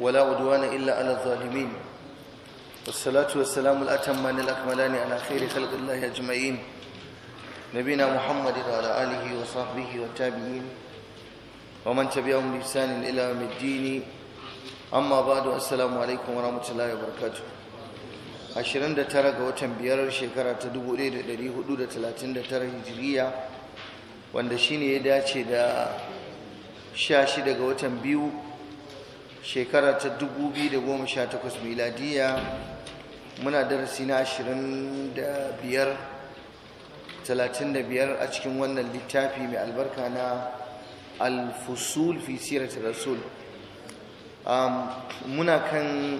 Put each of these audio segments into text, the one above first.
ولا عدوان إلا على الظالمين والصلاة والسلام الأتمان الأكملان على خير خلق الله أجمعين نبينا محمد وعلى آله وصحبه والتابعين ومن تبعهم بإحسان إلى يوم الدين أما بعد السلام عليكم ورحمة الله وبركاته 29 ga watan biyar shekara ta 1439 hijiriya wanda shine ya dace da 16 ga watan biyu shekara ta 2018 miladiya muna darasi na 25 35 a cikin wannan littafi mai albarka na alfusul fi sirat rasul muna kan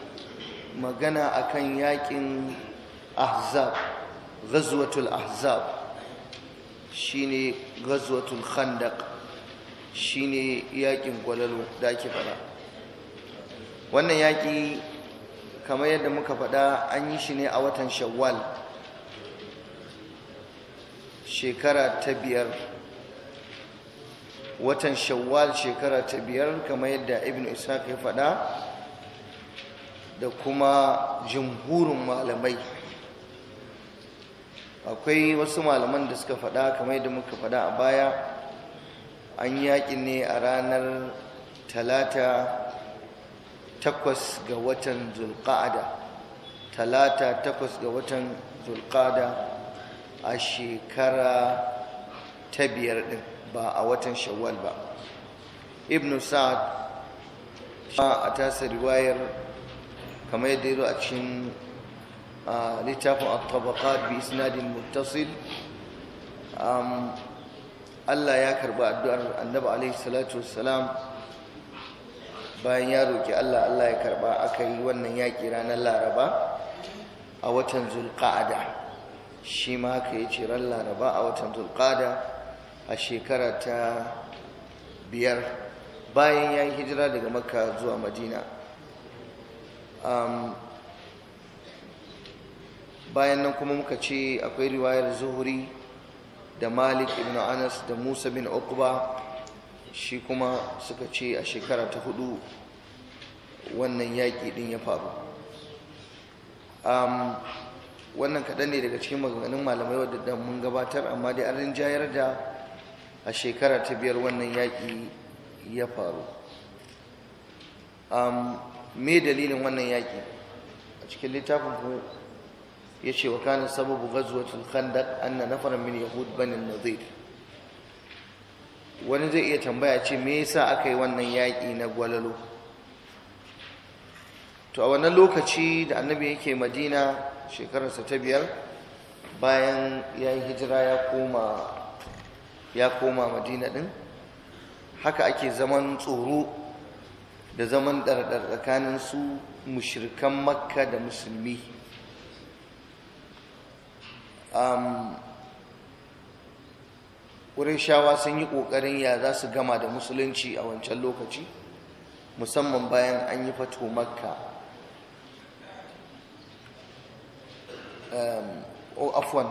magana a kan yakin ahzab gazuwatul ahzab Shi ne gazuwatul khandak Shi ne yakin gwalalo da ake fara wannan yaƙi kamar yadda muka faɗa an yi shi ne a watan shawwal shekara ta biyar watan shawwal shekara ta biyar kamar yadda ibn ishaq ya faɗa da kuma jimhurin malamai akwai wasu malaman da suka faɗa kamar yadda muka faɗa a baya an yaƙi ne a ranar talata takwas ga watan zulqa'ada talata takwas ga watan zulqa'ada a shekara ta biyar din ba a watan shawwal ba ibn sa'ad a tasa riwayar kamar yadda ya a cikin littafin at-tabaqat bi isnadin muttasil Allah ya karba addu'ar annabi alaihi salatu wassalam bayan ya roƙi Allah Allah ya karɓa aka yi wannan yaƙi ranar Laraba a watan Zulqa'ada shi ma haka ya ce ran Laraba a watan Zulqa'ada a shekara ta biyar bayan ya yi hijira daga Makka zuwa Madina bayan nan kuma muka ce akwai riwayar Zuhri da Malik ibn Anas da Musa bin okuba shi kuma suka ce a shekara ta hudu wannan yaƙi ɗin ya faru wannan kaɗan ne daga cikin maganganun malamai wadda mun gabatar amma dai an rinjayar da a shekara ta biyar wannan yaƙi ya faru me dalilin wannan yaƙi a cikin littafin ku ya ce wa kanin sababu da an anna nafarar min yahud banin nazir wani zai iya tambaya ce me yasa aka yi wannan yaƙi na gwalalo to a wannan lokaci da annabi yake madina shekararsa ta biyar bayan ya yi hijira ya koma ya koma madina ɗin haka ake zaman tsoro da zaman ɗarɗar tsakanin su mushirkan makka da musulmi ƙurishawa sun yi ƙoƙarin ya za su gama da musulunci a wancan lokaci musamman bayan an yi fato makka ehm, o afwan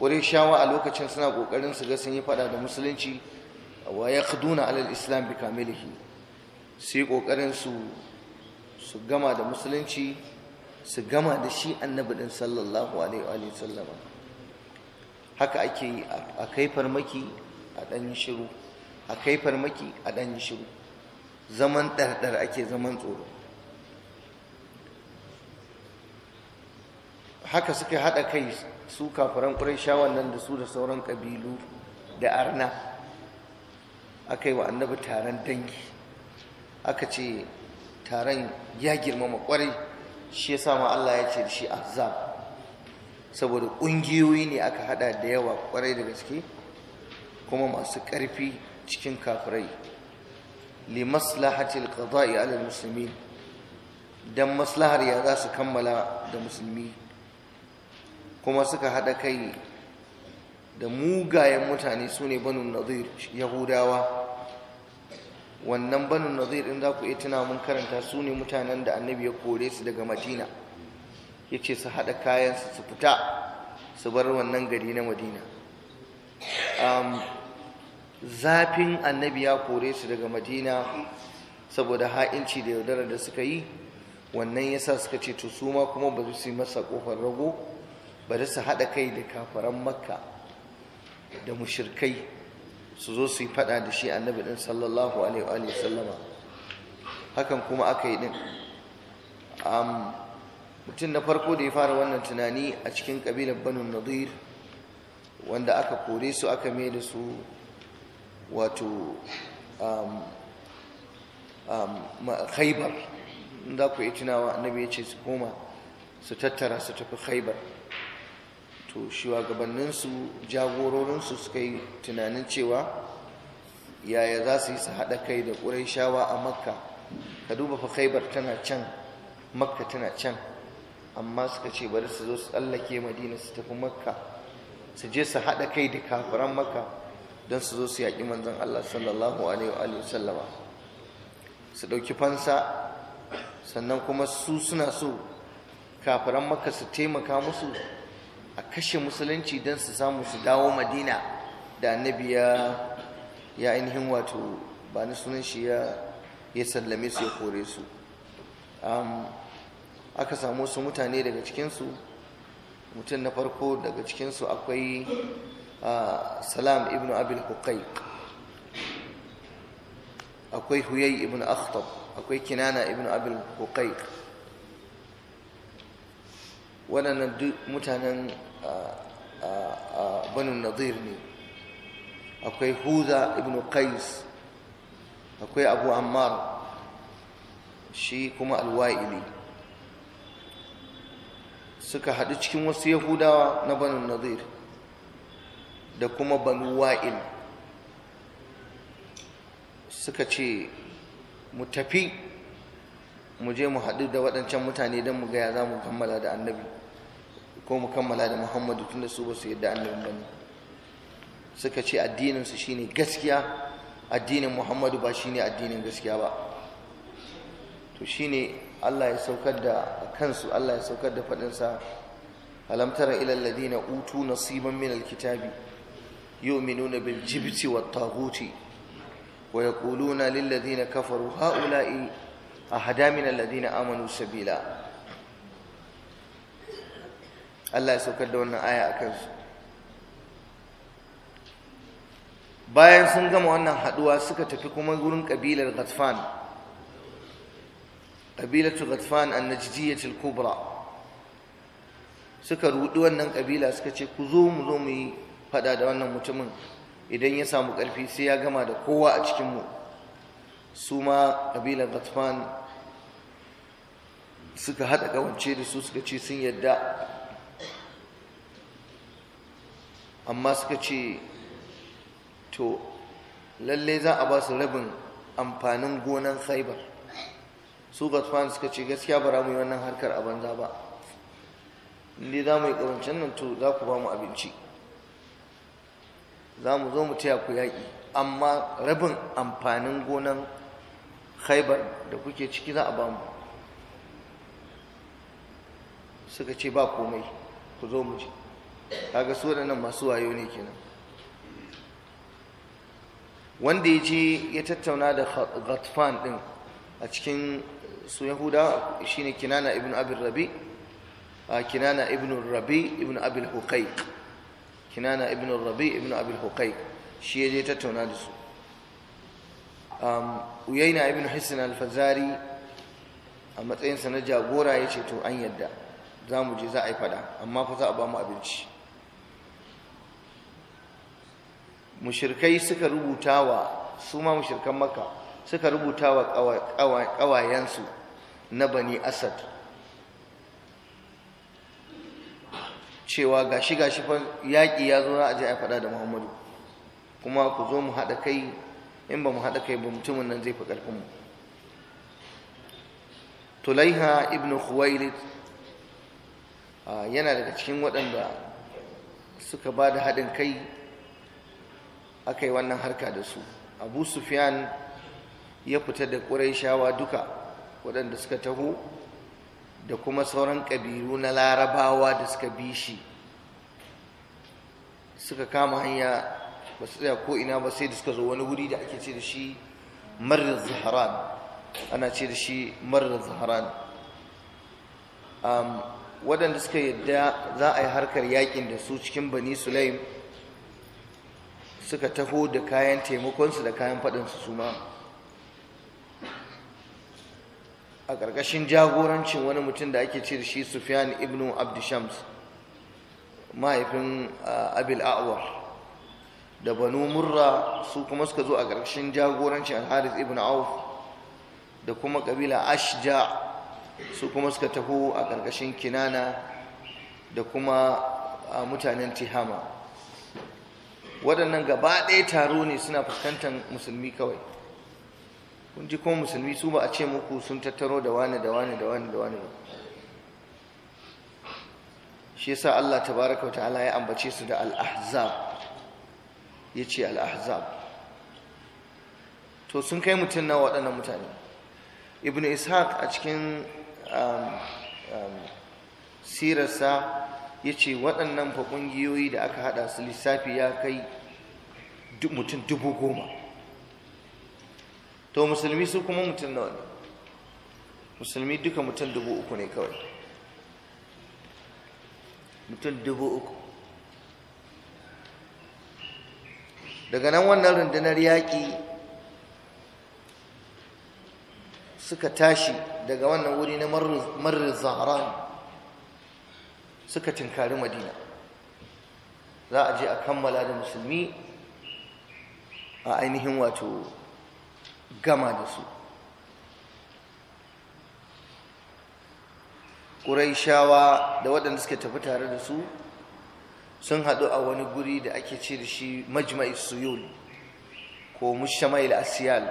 ƙurishawa a lokacin suna ƙoƙarin su ga sun yi fada da musulunci wa ya kaduna alal islam bi kamilihi su yi ƙoƙarin su gama da musulunci su gama da shi annabi ɗin sallallahu alaihi wa sallama haka ake yi a kai farmaki a ɗan yi shiru a kai farmaki a ɗan yi shiru zaman ɗarɗar ake zaman tsoro haka suka haɗa kai su kafiran ƙurayshawan nan da su da sauran ƙabilu da arna aka yi wa annabi taron dangi aka ce taron ya girmama ƙwarai shi ya sama Allah ya ce shi azab saboda ƙungiyoyi ne aka haɗa da yawa ƙwarai da gaske kuma masu ƙarfi cikin kafirai li maslahatil qada'i alal muslimin dan maslahar ya za su kammala da musulmi kuma suka haɗa kai da mugayen mutane su ne banu nazir yahudawa wannan banu nazir in za ku iya tuna mun karanta su ne mutanen da annabi ya kore su daga madina ya ce su haɗa kayansu su fita su bar wannan gari na madina zafin annabi ya kore su daga madina saboda ha'inci da yaudarar da suka yi wannan yasa suka ce to suma kuma ba su yi masa kofar rago bari su haɗa kai da kafaran makka da mushirkai su zo su yi faɗa da shi annabi ɗin sallallahu alaihi wa sallama hakan kuma aka yi ɗin mutum na farko da ya fara wannan tunani a cikin ƙabilar banu nadir wanda aka kore su aka mai da su wato um, um, khaibar za ku yi tunawa annabi ya ce su koma su tattara su tafi khaibar to shugabanninsu jagororinsu suka yi tunanin cewa yaya za su yi su haɗa kai da shawa a makka ka duba fa khaibar tana can makka tana can amma suka ce bari su zo su tsallake madina su tafi makka su je su haɗa kai da kafiran makka don su zo su yaƙi manzan Allah sallallahu alaihi wa sallama su ɗauki fansa sannan kuma su suna so kafiran maka su taimaka musu a kashe musulunci don su samu su dawo madina da annabi ya ainihin wato ba na sunan shi ya sallame su ya kore su aka samu su mutane daga cikinsu mutum na farko daga cikinsu akwai A ah, salam ibn abil huqaiq akwai huyai ibn akhtab akwai kinana ibn abil huqaiq waɗannan mutanen ah, ah, banin nadir ne akwai huza ibn qais akwai abu ammar shi kuma alwa'ili suka haɗu cikin wasu yahudawa na banin nadir da kuma banu wa'il suka ce mu tafi mu je mu haɗu da waɗancan mutane don mu gaya za mu kammala da annabi ko mu kammala da muhammadu tunda su ba su yadda annabin ba ne suka ce addininsu shine gaskiya addinin muhammadu ba shine addinin gaskiya ba to shine allah ya saukar da kansu allah ya saukar da faɗinsa alamtara ilal ladina utu nasiban min alkitabi يؤمنون بالجبت والطاغوت ويقولون للذين كفروا هؤلاء أهدى من الذين آمنوا سبيلا الله يسوكر دون آية أكنسو bayan sun gama wannan haduwa suka tafi kuma gurin kabilar Ghatfan kabilatu Ghatfan an-Najdiyya kubra suka rudi wannan kabila suka ce ku zo mu zo mu yi fada da wannan mutumin idan ya samu ƙarfi sai ya gama da kowa a cikinmu su ma ƙabilar gatfan suka haɗa ƙawance da su suka ce sun yadda amma suka ce to lallai za a ba su rabin amfanin gonan saibar su gatfan suka ce gaskiya ba mu yi wannan harkar a banza ba inda za mu yi ƙawancen nan to za ku ba mu abinci za mu zo mu taya ku yaƙi amma rabin amfanin gonan haibar da kuke ciki za a ba mu suka ce ba komai ku zo mu ji kaga su waɗannan masu wayo ne kenan wanda ya ce ya tattauna da ghatfan ɗin a cikin su yahuda shine kinana ibn abin rabi kinana ibn rabi ibn abin hukai kinana ibn rabi ibn abil hukai shi ya je tattauna da su um, uyaina ibn hisan al a matsayinsa na jagora ya ce to an yadda za mu je za a yi fada amma fa za a ba mu abinci mushirkai suka rubuta wa su ma mushirkan maka suka rubuta wa ƙawayensu na bani asad cewa gashi gashi fa yaƙi ya zo za a aje a faɗa da muhammadu kuma ku zo mu haɗa kai in ba mu haɗa kai ba mutumin nan zai fi ƙarfin mu. tulaiha ibn khuwailid yana daga cikin waɗanda suka ba da haɗin kai aka yi wannan harka da su abu sufyan ya fita da shawa duka waɗanda suka taho da kuma sauran ƙabilu na larabawa da suka bi shi suka kama hanya ba su tsaya ko'ina ba sai da suka zo wani wuri da ake ce da shi marar zaharan ana ce da shi marar zaharan waɗanda suka yadda za a yi harkar yakin da su cikin bani sulaim suka taho da kayan taimakonsu da kayan faɗinsu su ma a ƙarƙashin jagorancin wani mutum da ake ce da shi Sufyan ibn Abdishams mahaifin Abil A'war da Banu Murra su kuma suka zo a ƙarƙashin jagorancin al ibn Auf da kuma ƙabila Ashja su kuma suka taho a ƙarƙashin Kinana da kuma mutanen Tihama waɗannan gaba ɗaya taro ne suna fuskantar musulmi kawai kun ji kuma musulmi su ba a ce muku sun tattaro da wani da wani da wani da wani ba shi yasa Allah tabaraka ta'ala ya ambace su da al-ahzab yace al-ahzab to sun kai mutun na waɗannan mutane ibnu ishaq a cikin um, um, sirarsa yace waɗannan fa ƙungiyoyi da aka hada su lissafi ya kai mutum dubu goma to musulmi su kuma mutum nawa ne musulmi duka mutum dubu uku ne kawai mutum dubu uku daga nan wannan rundunar yaƙi suka tashi daga wannan wuri na marar zahran suka tinkari madina za a je a kammala da musulmi a ainihin wato gama da su ƙuraishawa da waɗanda suka tafi tare da su sun haɗu a wani guri da ake ce da shi majma'i suyul ko mushama'il asiyal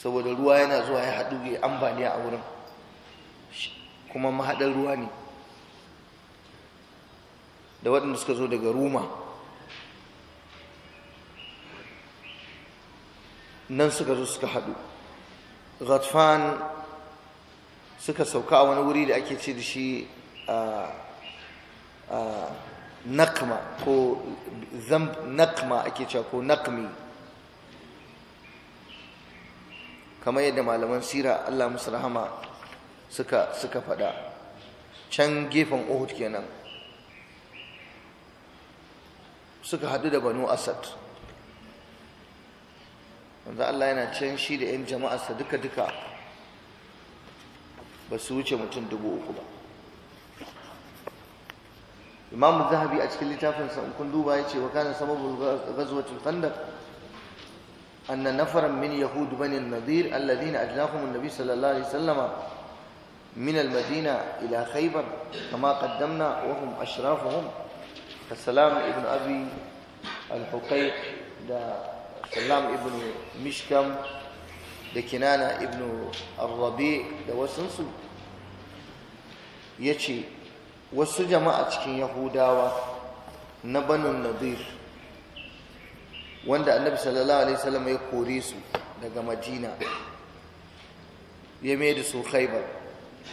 saboda ruwa yana zuwa ya haɗu ya ambaliya a wurin kuma mahaɗar ruwa ne da waɗanda suka zo daga ruma nan suka zo suka haɗu ghatfan suka sauka a wani wuri da ake ce da shi nakma ko zamb nakma ake cewa ko nakmi kamar yadda malaman sira Allah musu rahama suka suka faɗa can gefen Uhud kenan suka haɗu da Banu Asad wanda Allah yana can shi da 'yan jama'arsa duka-duka ba su wuce mutum dubu uku ba imam zahabi a cikin littafin in kun duba ya ce wa kanin sama gazuwacin fandar an na nafarar min yahudu bani nazir alladina a jinafin nabi sallallahu alaihi sallama min almadina ila khaibar kama kaddamna wa hum ashrafuhum ka ibn abi al-hukai da sallam ibn mishkam da kinana ibn arrabi da wasansu? ya ce wasu jama'a cikin yahudawa na banin nadir wanda annabi sallallahu alaihi wasallam ya kore su daga madina ya mai da su khaibar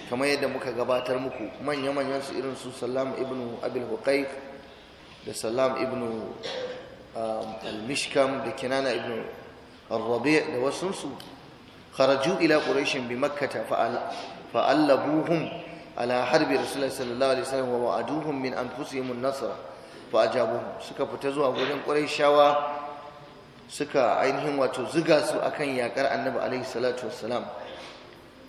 kamar yadda muka gabatar muku manya-manyan su irin su salam ibn abil huqaiq da salam ibn al-mishkam da kinana ibn al-rabi da wasunsu kharaju ila quraishin bi makkata fa'allabuhum ala harbi rasulullahi sallallahu alaihi wasallam wa wa'aduhum min anfusihim an-nasra fa ajabuhum suka fita zuwa gurin quraishawa suka ainihin wato ziga su akan yakar annabi alaihi salatu wassalam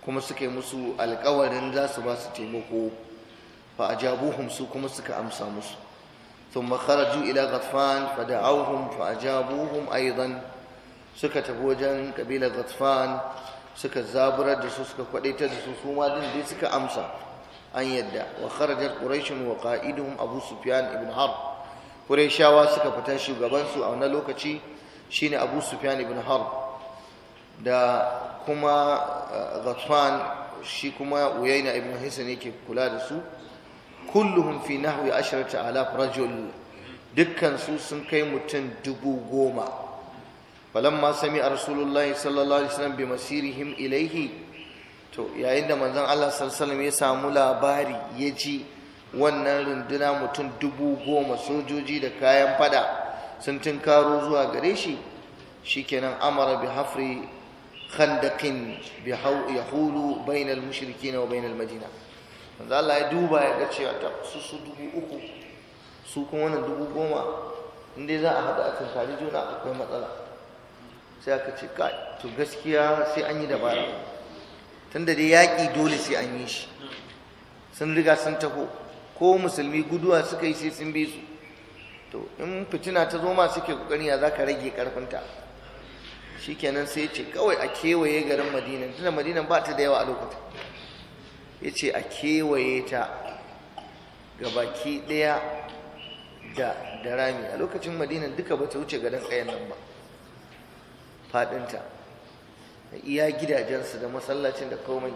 kuma suka yi musu alkawarin za su ba su taimako fa su kuma suka amsa musu ثم خرجوا الى غطفان فدعوهم فاجابوهم ايضا suka tafi wajen ƙabilar gatfan suka zaburar da su suka kwadaita da su su din dai suka amsa an yadda wa kharajar ƙurashin wa abu sufyan ibn har ƙurashawa suka fita shugabansu a wannan lokaci shine abu sufyan ibn har da kuma gatfan shi kuma uyaina ibn hisa ke kula da su kulluhum fi nahwi ashrata alaf rajul dukkan su sun kai mutum dubu goma falamma sami rasulullahi sallallahu alaihi wasallam bi masirihim ilaihi to yayin da manzon Allah sallallahu ya samu labari ya ji wannan runduna mutum dubu goma sojoji da kayan fada sun tunkaro zuwa gare shi shikenan amara bi hafri khandaqin bi yahulu bainal mushrikin wa bainal madina Za a layi duba ya ga cewa ta su su dubu uku su kuma wannan dubu goma Inda za a haɗa a tunkari juna akwai matsala sai aka ce ka to gaskiya sai an yi dabara da dai yaƙi dole sai an yi shi sun riga sun taho ko musulmi guduwa suka yi sai sun bi su to in fitina ta zo ma suke kokari ya zaka rage ƙarfinta. shikenan sai ce kawai a kewaye garin madina tunda madina ba ta da yawa a lokacin ya ce a kewaye ta gabaki ɗaya da da rami a lokacin madinan duka ba ta wuce gadon ƙayan nan ba faɗinta da iya gidajensu da masallacin da komai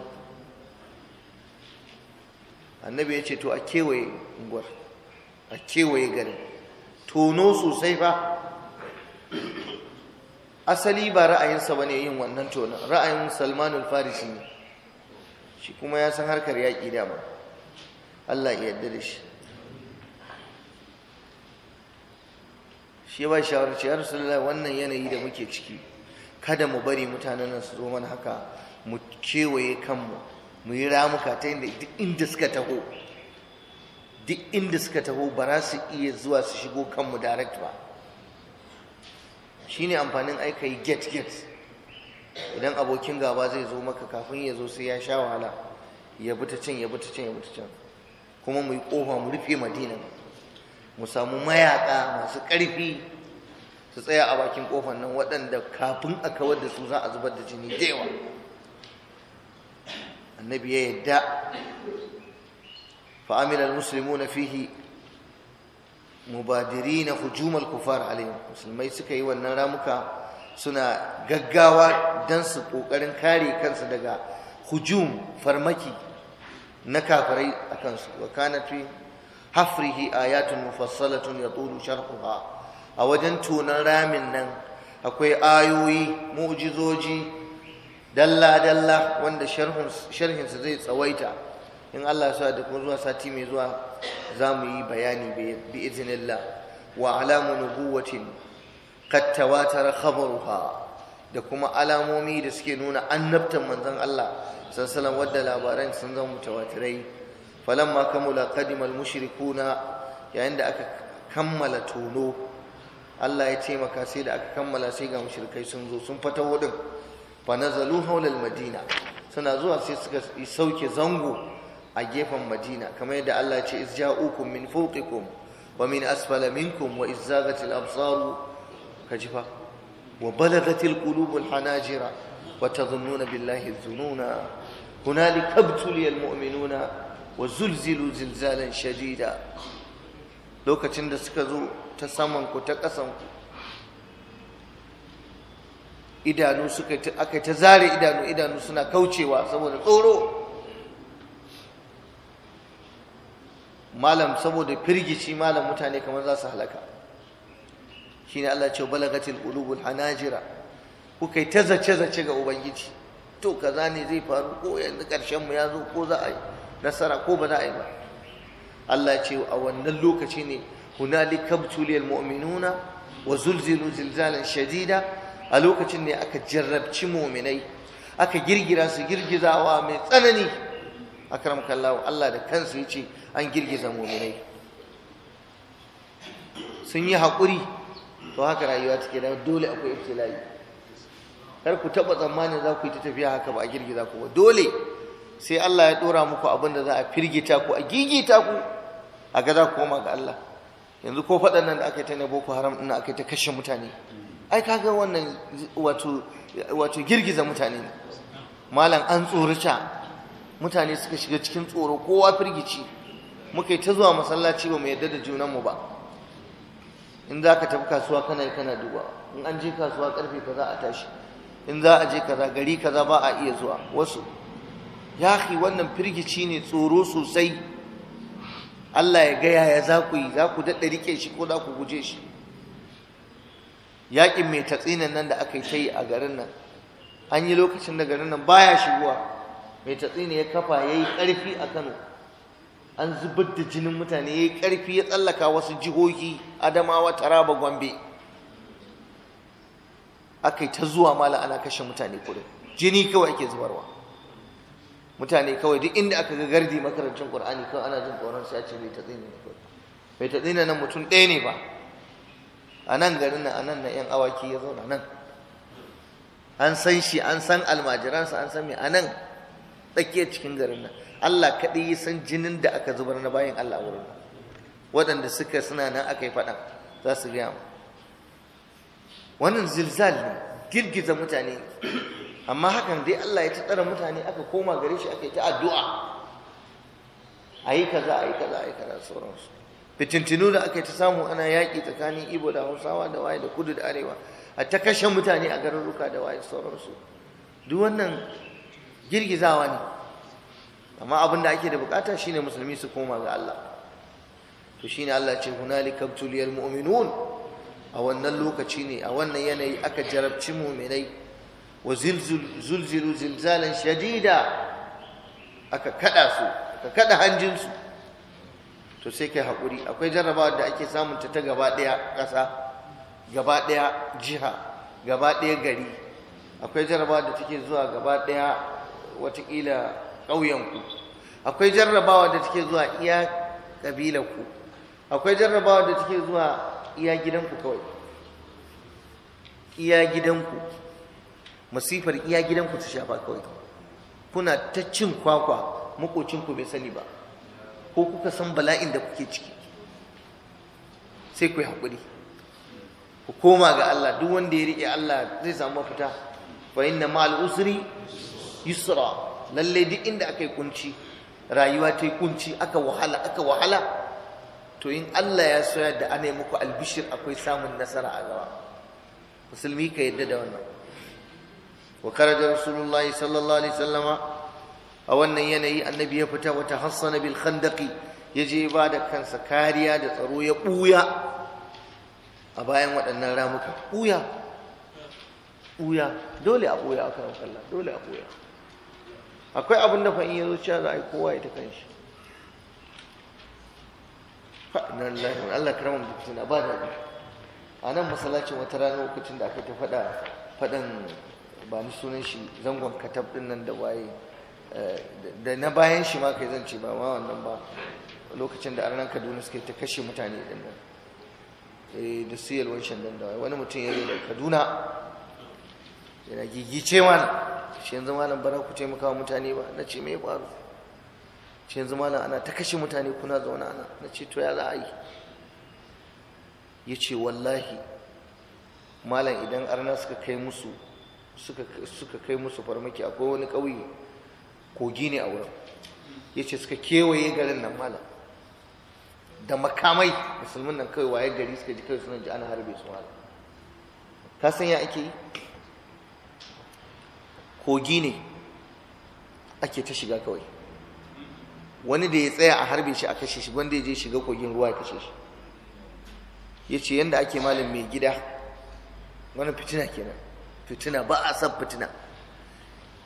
annabi ya ce to a kewaye unguwar a kewaye garin tono sosai fa asali ba ra'ayinsa ba ne yin wannan tonon ra'ayin salmanul farisi ne shi kuma ya san harkar yaƙi dama Allah ya yarda da shi shi ba shawarar ce ya wannan yanayi da muke ciki kada mu bari mutanen nan su zo mana haka mu kewaye kanmu mu yi ramuka ta da duk inda suka taho duk inda suka taho ba za su iya zuwa su shigo kanmu direct ba ne amfanin aika yi get get idan abokin gaba zai zo maka kafin ya zo sai ya sha wahala ya buta can ya buta can ya buta can kuma mu yi kofa mu rufe madina mu samu mayaka masu karfi su tsaya a bakin kofan nan waɗanda kafin a kawar da su za a zubar da jini da yawa annabi ya yadda na na hujumar kufar هجوم Musulmai suka yi wannan ramuka. suna gaggawa don su ƙoƙarin kare kansu daga hujum farmaki na kafirai a kansu wa kana fi hafrihi ayatun mufassalatun ya tsoro sharhuha a wajen tonon ramin nan akwai ayoyi mu'jizoji dalla-dalla wanda sharhinsu zai tsawaita in Allah ya da kuma zuwa sati mai zuwa za mu yi bayani bi izinillah wa alamu nubuwatin qad tawatara da kuma alamomi da suke nuna annabtan manzon Allah sallallahu wadda labaran sun zama mutawatirai falamma kamula qadima mushrikuna yayin da aka kammala tono Allah ya ce maka sai da aka kammala sai ga mushrikai sun zo sun fata wudin fa nazalu hawla madina suna zuwa sai suka sauke zango a gefen madina kamar yadda Allah ya ce izja'ukum min fawqikum wa min asfala minkum wa izzaghati absaru ka fa wa balagatil qulubul hanajira wa tadhunnuna billahi dhununa hunalika ibtuliyal mu'minuna wa zulzilu zilzalan shadida lokacin da suka zo ta saman ku ta kasan ku idanu suka aka ta zare idanu idanu suna kaucewa saboda tsoro malam saboda firgici malam mutane kamar za su halaka shine Allah ce balagatil qulubul hanajira kukai ta zace zace ga ubangiji to kaza ne zai faru ko yanzu karshen mu ya zo ko za a yi nasara ko ba za a yi ba Allah ce a wannan lokaci ne hunalika btuliyal mu'minuna wa zulzilu zilzalan shadida a lokacin ne aka jarrabci mu'minai aka girgira su girgizawa mai tsanani akram kallahu Allah da kansa yace an girgiza mu'minai sun yi haƙuri to haka rayuwa take da dole akwai ibtila'i kar ku taba tsammanin za ku yi tafiya haka ba a girgiza ku ba dole sai Allah ya dora muku abin da za a firgita ku a gigita ku a ga za ku koma ga Allah yanzu ko faɗan nan da aka yi ta na boko haram ɗin aka yi ta kashe mutane ai kaga wannan wato wato girgiza mutane ne malam an tsorata mutane suka shiga cikin tsoro kowa firgici muka yi ta zuwa masallaci ba mu yarda da junanmu ba in za ka tafi kasuwa kana kana duba in an je kasuwa karfe kaza a tashi in za a je kaza gari kaza ba a iya zuwa wasu ya wannan firgici ne tsoro sosai Allah ya gaya ya za ku yi za ku daɗa rike shi ko za ku guje shi yaƙin mai tatsinan nan da aka yi ta yi a garin nan an yi lokacin da garin nan baya shigowa mai tatsina ya kafa ya yi ƙarfi a kano an zubar da jinin mutane ya yi ƙarfi ya tsallaka wasu jihohi adamawa taraba gombe aka yi ta zuwa mala ana kashe mutane kudin jini kawai ake zubarwa mutane kawai duk inda aka ga gardi makarancin qur'ani kawai ana jin tsoron sai a ce bai tatsina ne kawai bai tatsina nan mutum ɗaya ne ba a nan garin nan a nan na yan awaki ya zauna nan an san shi an san almajiransa an san mai a nan tsakiyar cikin garin nan Allah kaɗai ya san jinin da aka zubar na bayan Allah wurin waɗanda suka suna nan aka yi faɗan za su gaya mu wannan zilzal ne girgiza mutane amma hakan dai Allah ya ci tsara mutane aka koma gare shi aka yi ta addu'a a yi kaza a yi kaza a yi kaza sauransu fitintinu da aka yi ta samu ana yaƙi tsakanin ibo da hausawa da waye da kudu da arewa a ta kashe mutane a garuruka da waye sauransu duk wannan girgizawa ne amma abin da ake da bukata shine musulmi su koma ga Allah to shine Allah ce hunalika tuliyal mu'minun a wannan lokaci ne a wannan yanayi aka jarabci mu'minai wa zulzilu zilzalan shadida aka kada su aka kada hanjin su to sai kai hakuri akwai jarrabawa da ake samun ta ta gaba daya kasa gaba daya jiha gaba daya gari akwai jarrabawa da take zuwa gaba daya watakila ƙauyenku akwai jarrabawa da take zuwa iya ƙabilanku. akwai jarrabawa da take zuwa iya gidanku kawai iya gidanku masifar iya gidanku ta shafa kawai kuna ta cin kwakwa makocinku bai sani ba ko kuka san bala'in da kuke ciki sai ku yi haƙuri ku koma ga Allah duk wanda ya riƙe Allah zai samu mafita fa inna ma'al usri yusra lalle duk inda aka yi kunci rayuwa ta yi kunci aka wahala aka wahala to in Allah ya soya da ana yi muku albishir akwai samun nasara a gaba musulmi ka yadda da wannan wa da rasulullahi sallallahu alaihi sallama, a wannan yanayi annabi ya fita wata hassana bil khandaki ya je ba da kansa kariya da tsaro ya buya a bayan waɗannan ramuka buya buya dole a buya akan Allah dole a buya akwai abin da fa'in ya zuciya za a yi kowa ya ta kan shi fa'in lahi Allah karama da fitina ba daɗi a nan masalacin wata rana lokacin da aka ta faɗa faɗan ba ni sunan shi zangon katab ɗin nan da waye eh, da na bayan shi ma kai zan ce ba ma wannan ba lokacin da arnan kaduna suke ta kashe mutane ɗin nan eh, da su yalwan shandan da wani mutum ya zo da kaduna yana gigice mana shi yanzu malam bara ku taimaka wa mutane ba na ce mai faru shi yanzu malam ana ta kashe mutane kuna zaune ana na ce to ya za a yi ya ce wallahi malam idan arna suka kai musu suka kai musu farmaki akwai wani ƙauye kogi ne a wurin ya ce suka kewaye garin nan malam da makamai musulmin nan kawai waye gari suka ji kawai suna ji ana harbe su malam ka san ya ake yi kogi ne ake ta shiga kawai wani da ya tsaya a harbe shi a kashe shi wanda ya je shiga kogin ruwa ya kashe shi ya ce yadda ake malin mai gida wani fitina kenan fitina ba a san fitina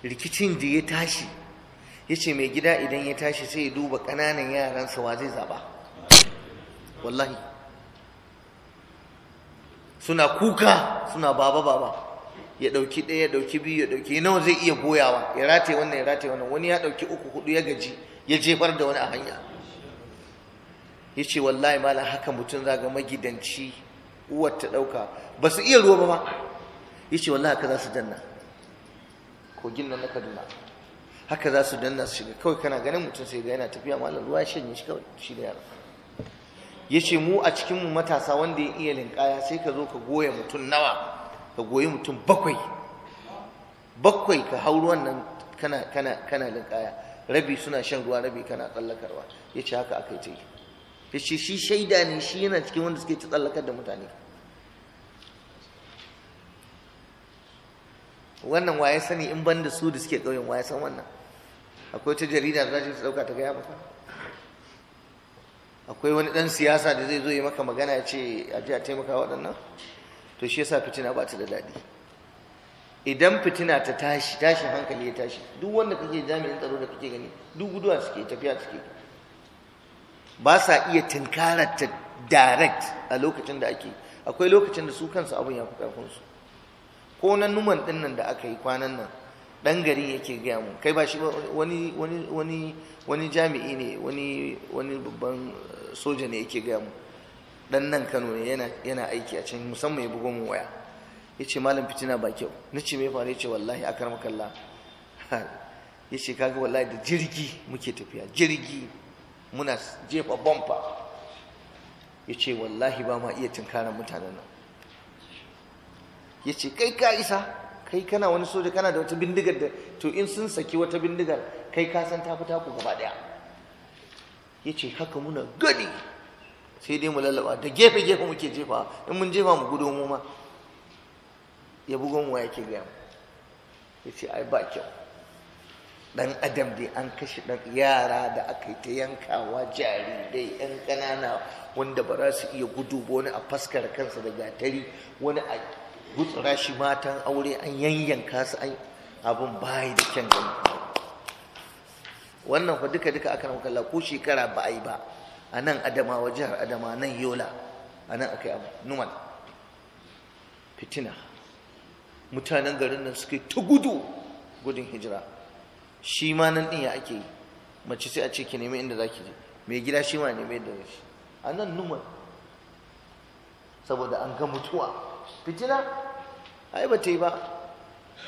rikicin da ya tashi ya ce mai gida idan ya tashi sai ya duba ƙananan yaransa wa zai zaɓa wallahi suna kuka suna baba baba ya ɗauki ɗaya ya ɗauki biyu ya ɗauki nawa zai iya goyawa ya rataye wannan ya rataye wannan wani ya ɗauki uku hudu ya gaji ya jefar da wani a hanya ya ce wallahi malam haka mutum za ga magidanci uwar ta ɗauka ba su iya ruwa ba ma ya ce wallahi haka za su danna kogin nan na kaduna haka za su danna su shiga kawai kana ganin mutum sai ga yana tafiya malam ruwa ya shanye shi kawai shi da yara ya ce mu a cikinmu matasa wanda ya iya linƙaya sai ka zo ka goya mutum nawa ka goyi mutum bakwai bakwai ka hau ruwan nan kana kana kana linkaya rabi suna shan ruwa rabi kana tsallakarwa ya ce haka aka yi ta yi ya ce shi shaida ne shi yana cikin wanda suke ta tsallakar da mutane wannan waye sani in ban da su da suke ƙauyen waye san wannan akwai ta jarida da za ta ɗauka ta gaya maka akwai wani ɗan siyasa da zai zo yi maka magana ya ce a ji a taimaka waɗannan to shi yasa fitina ba ta da daɗi idan fitina ta tashi tashin hankali ya tashi duk wanda kake jami'in tsaro da kake gani duk guduwa suke tafiya suke ba sa iya tunkarar ta direct a lokacin da ake akwai lokacin da su kansu abin ya fi karfinsu ko na numan dinnan da aka yi kwanan nan dan gari yake gaya mu kai ba shi wani wani wani wani jami'i ne wani wani babban soja ne yake gaya mu dan nan Kano ne yana aiki a can musamman ya bugo mu waya Ya ce, malam fitina ba kyau Na ce me faru ce, wallahi a ya yace kaga wallahi da jirgi muke tafiya jirgi muna jefa bomba ce, wallahi ba ma iya tunkaran mutanen nan Ya ce, kai ka isa kai kana wani soja kana da wata bindigar da to in sun saki wata bindigar kai ka san ta fita gaba daya yace haka muna gani sai dai mu lallaba da gefe gefe muke jefa in mun jefa mu gudo mu ma ya bugon mu yake ga mu ce ai ba kyau dan adam dai an kashe dan yara da aka yi ta yankawa jarirai yan ƙanana wanda ba za su iya gudu ba wani a faskar kansa da gatari wani a gutsura shi matan aure an yanyanka su an abin bayi da kyan gani wannan fa duka duka aka ramkalla ko shekara ba a yi ba a nan adamawa jihar adama nan yola a nan aka numan fitina mutanen garin nan suka yi ta gudu gudun hijira shi ma nan din ya ake yi mace sai a ce ki nemi inda za ki je mai gida shi ma nemi inda shi a nan numan saboda an ga mutuwa fitina ai ba ta yi ba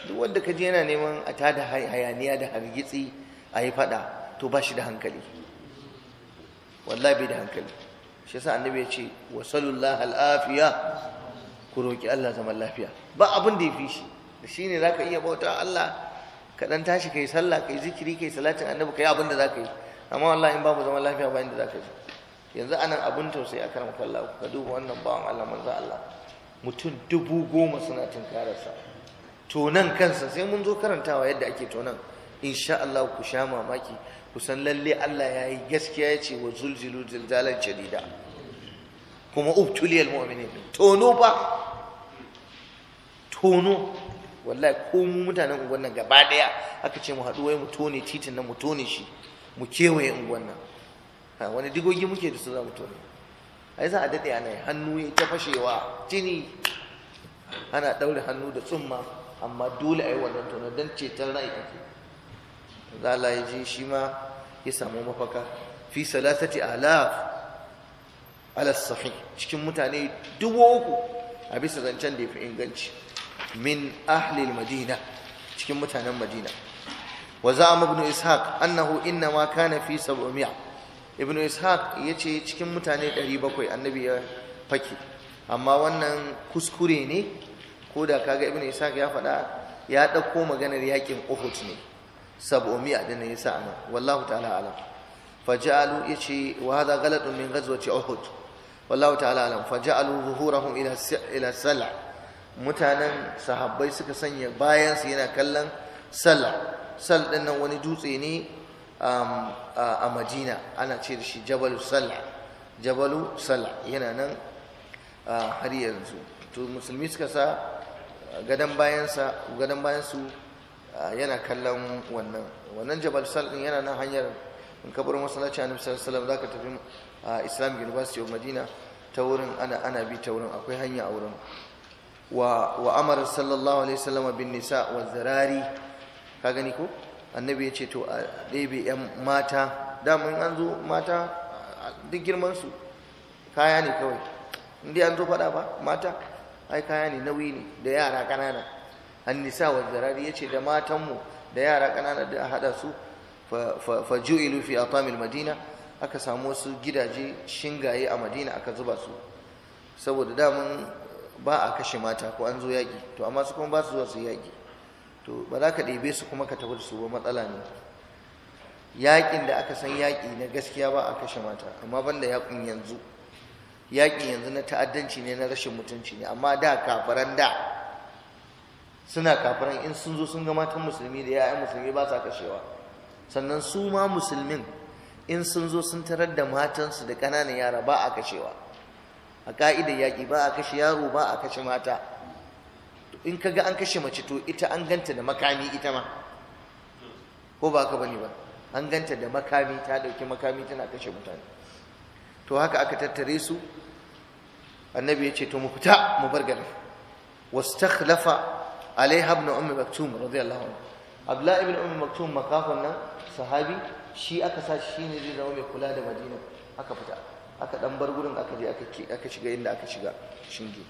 duk wanda ka je yana neman a da hayaniya da hargitsi a yi fada, to ba shi da hankali wallahi bai da hankali shi yasa annabi ya ce wa sallallahu al'afiya ku roki Allah zaman lafiya ba abin da ya fi shi da shine zaka iya bauta Allah ka dan tashi kai sallah kai zikiri kai salatin annabi kai abin da zaka yi amma wallahi in babu zaman lafiya ba inda zaka yi yanzu anan abin tausayi akan Allah ka duba wannan bawan Allah manzo Allah mutum dubu goma suna tunkararsa tonan kansa sai mun zo karantawa yadda ake tonan insha Allah ku sha mamaki kusan lalle Allah ya yi gaskiya ya ce wa zulzilu zilzalan shadida kuma ubtuliyal mu'amini tono ba tono wallahi ko mutanen unguwan nan gaba daya aka ce mu haɗu wai mu tone titin nan mu tone shi mu kewaye unguwan nan wani digogi muke da su za mu tone yi za a daɗe ana hannu ya ta fashewa jini ana ɗaure hannu da tsumma amma dole a yi wannan tono don ceton rai Za a yi jin shi ma ya samu mafaka fi salatati alaf alasafi cikin mutane dubu uku a bisa zancen da ya fi inganci min ahlil madina cikin mutanen madina wa za za'am ibn ishaq annahu inna ma kana fi sabomiya ibn ishaq ya ce cikin mutane 700 annabi ya faki amma wannan kuskure ne ko da kaga ibn ishaq ya faɗa ya ɗauko maganar yakin uhud ne 700 din ne yasa anan wallahu ta'ala alam faj'alu yace wa hadha galadun min ce ohud, wallahu ta'ala alam faj'alu zuhurahum ila ila sala mutanen sahabbai suka sanya bayan su yana kallon sala sal din nan wani dutse ne a Madina ana ce da shi jabalu sala jabalu sala yana nan har yanzu to musulmi suka sa gadan bayansu Ah, yana kallon wannan wannan jabal sal din yana nan hanyar in kabar masallaci annabi sallallahu alaihi wasallam zaka tafi ah, Islam University of Madina ta wurin ana ana bi ta wurin akwai hanya a wurin wa wa amara sallallahu alaihi wasallam bin nisa wa zarari ka gani ko annabi ya ce to a ɗebe yan mata damun an zo mata duk girman su kaya ne kawai in dai an zo faɗa ba mata ai kaya ne nauyi ne da yara ƙanana annisa wa zarari yace da matanmu da yara kanana da hada su fa ju'ilu fi atamil madina aka samu wasu gidaje shingaye a madina aka zuba su saboda daman ba a kashe mata ko an zo yaƙi to amma su kuma ba su zuwa su yaƙi to ba za ka ɗebe su kuma ka tafi da su ba matsala ne yaƙin da aka san yaƙi na gaskiya ba a kashe mata amma banda yaƙin yanzu yaƙin yanzu na ta'addanci ne na rashin mutunci ne amma da kafaran da suna kafiran in sun zo sun ga matan musulmi da ya'yan musulmi ba sa kashewa sannan su ma musulmin in sun zo sun tarar da matansu da ƙananan yara ba a kashewa a ka'idar yaƙi ba a kashe yaro ba a kashe mata in ka ga an kashe mace to ita an ganta da makami ita ma ko ba ka bani ba an ganta da makami ta ɗauki makami tana kashe mutane to haka aka tattare su annabi ya ce to mu fita mu bar garin wastakhlafa alaiha ibn ummi maktum radiyallahu anhu abdullah ibn ummi maktum makafan nan sahabi shi aka sa shi ne zai zama mai kula da madina aka fita aka dan bar gurin aka je aka shiga inda aka shiga shinge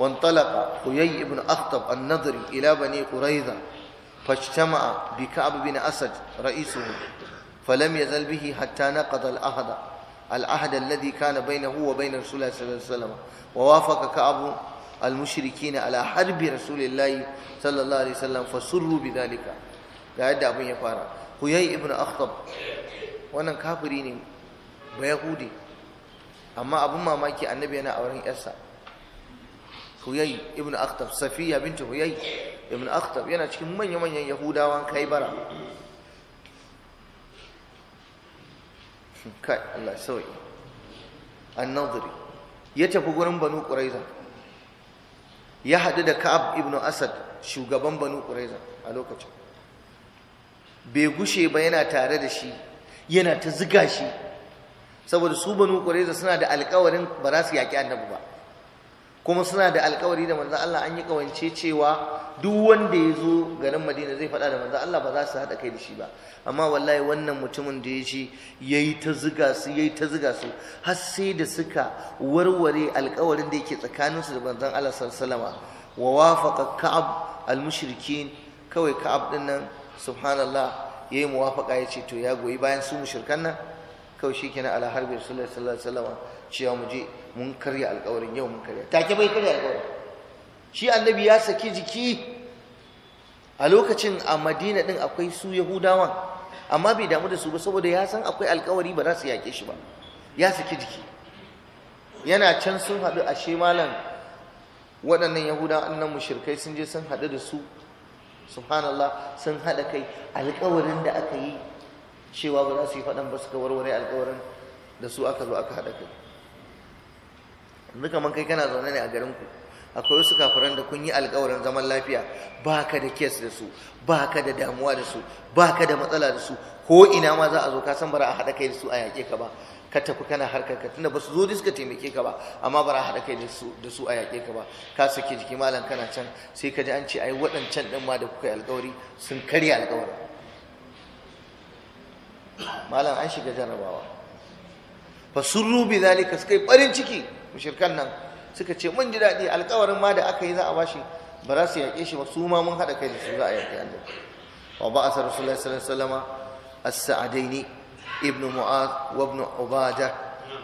وانطلق خيي بن أخطب النضري إلى بني قريظة فاجتمع بكعب بن أسد رئيسه فلم يزل به حتى نقض العهد العهد الذي كان بينه وبين رسول الله صلى الله عليه وسلم ووافق كعب المشركين على حرب رسول Sallallahu alaihi الله عليه وسلم فسروا بذلك ga yadda abin ya fara huyai ibn akhtab wannan kafiri ne ba yahudi amma abin mamaki annabi yana auren yarsa huyai ibn akhtab safiya binti huyai ibn akhtab yana cikin manya-manyan yahudawan kaibara kai Allah sauyi an ya tafi gurin banu quraiza ya haɗu da ka'ab ibn asad shugaban banu ƙuraiza a lokacin bai gushe ba yana tare da shi yana ta ziga shi saboda su banu ƙuraiza suna da alkawarin ba za su yaƙi annabu ba kuma suna da alkawari da manzan Allah an yi kawance cewa duk wanda ya zo garin Madina zai faɗa da manzon Allah ba za su haɗa kai da shi ba amma wallahi wannan mutumin da ya ce yayi ta ziga su yayi ta ziga su har sai da suka warware alkawarin da yake tsakaninsu da manzan Allah sallallahu alaihi wa wafaqa Ka'ab al-mushrikin kawai Ka'ab din nan subhanallah yayi ya ce to ya goyi bayan su mushrikan nan kawai shi kenan ala harbi rasulullahi sallallahu alaihi wasallam cewa mu je mun karya alƙawarin yau mun karya take bai karya alƙawarin shi annabi ya saki jiki a lokacin a madina din akwai su Yahudawa? amma bai damu da su ba saboda ya san akwai alƙawari ba za su yaƙe shi ba ya saki jiki yana can sun haɗu a shi malam waɗannan yahudawan annan mushrikai sun je sun haɗu da su subhanallah sun haɗa kai alƙawarin da aka yi cewa ba za su yi faɗan ba suka warware alkawarin da su aka zo aka haɗa kai duka man kai kana zaune ne a garin ku akwai wasu kafiran da kun yi alkawarin zaman lafiya ba ka da kes da su ba ka da damuwa da su ba ka da matsala da su ko ina ma za a zo ka san bara a haɗa kai da su a yaƙe ka ba ka tafi kana harkar ka tunda ba su zo diska taimake ka ba amma bara a haɗa kai da su a yaƙe ka ba ka saki jiki malam kana can sai ka ji an ce ai waɗancan ɗin ma da kuka yi alkawari sun karya alkawarin malam an shiga jarrabawa fa surru bi zalika sukai farin ciki mushrikan nan suka ce mun ji daɗi alƙawarin ma da aka yi za a bashi ba za su yaƙe shi ba su ma mun haɗa kai da su za a yaƙe Allah wa asar rasulullahi sallallahu alaihi wasallam as-sa'adaini ibnu mu'az wa ibnu ubada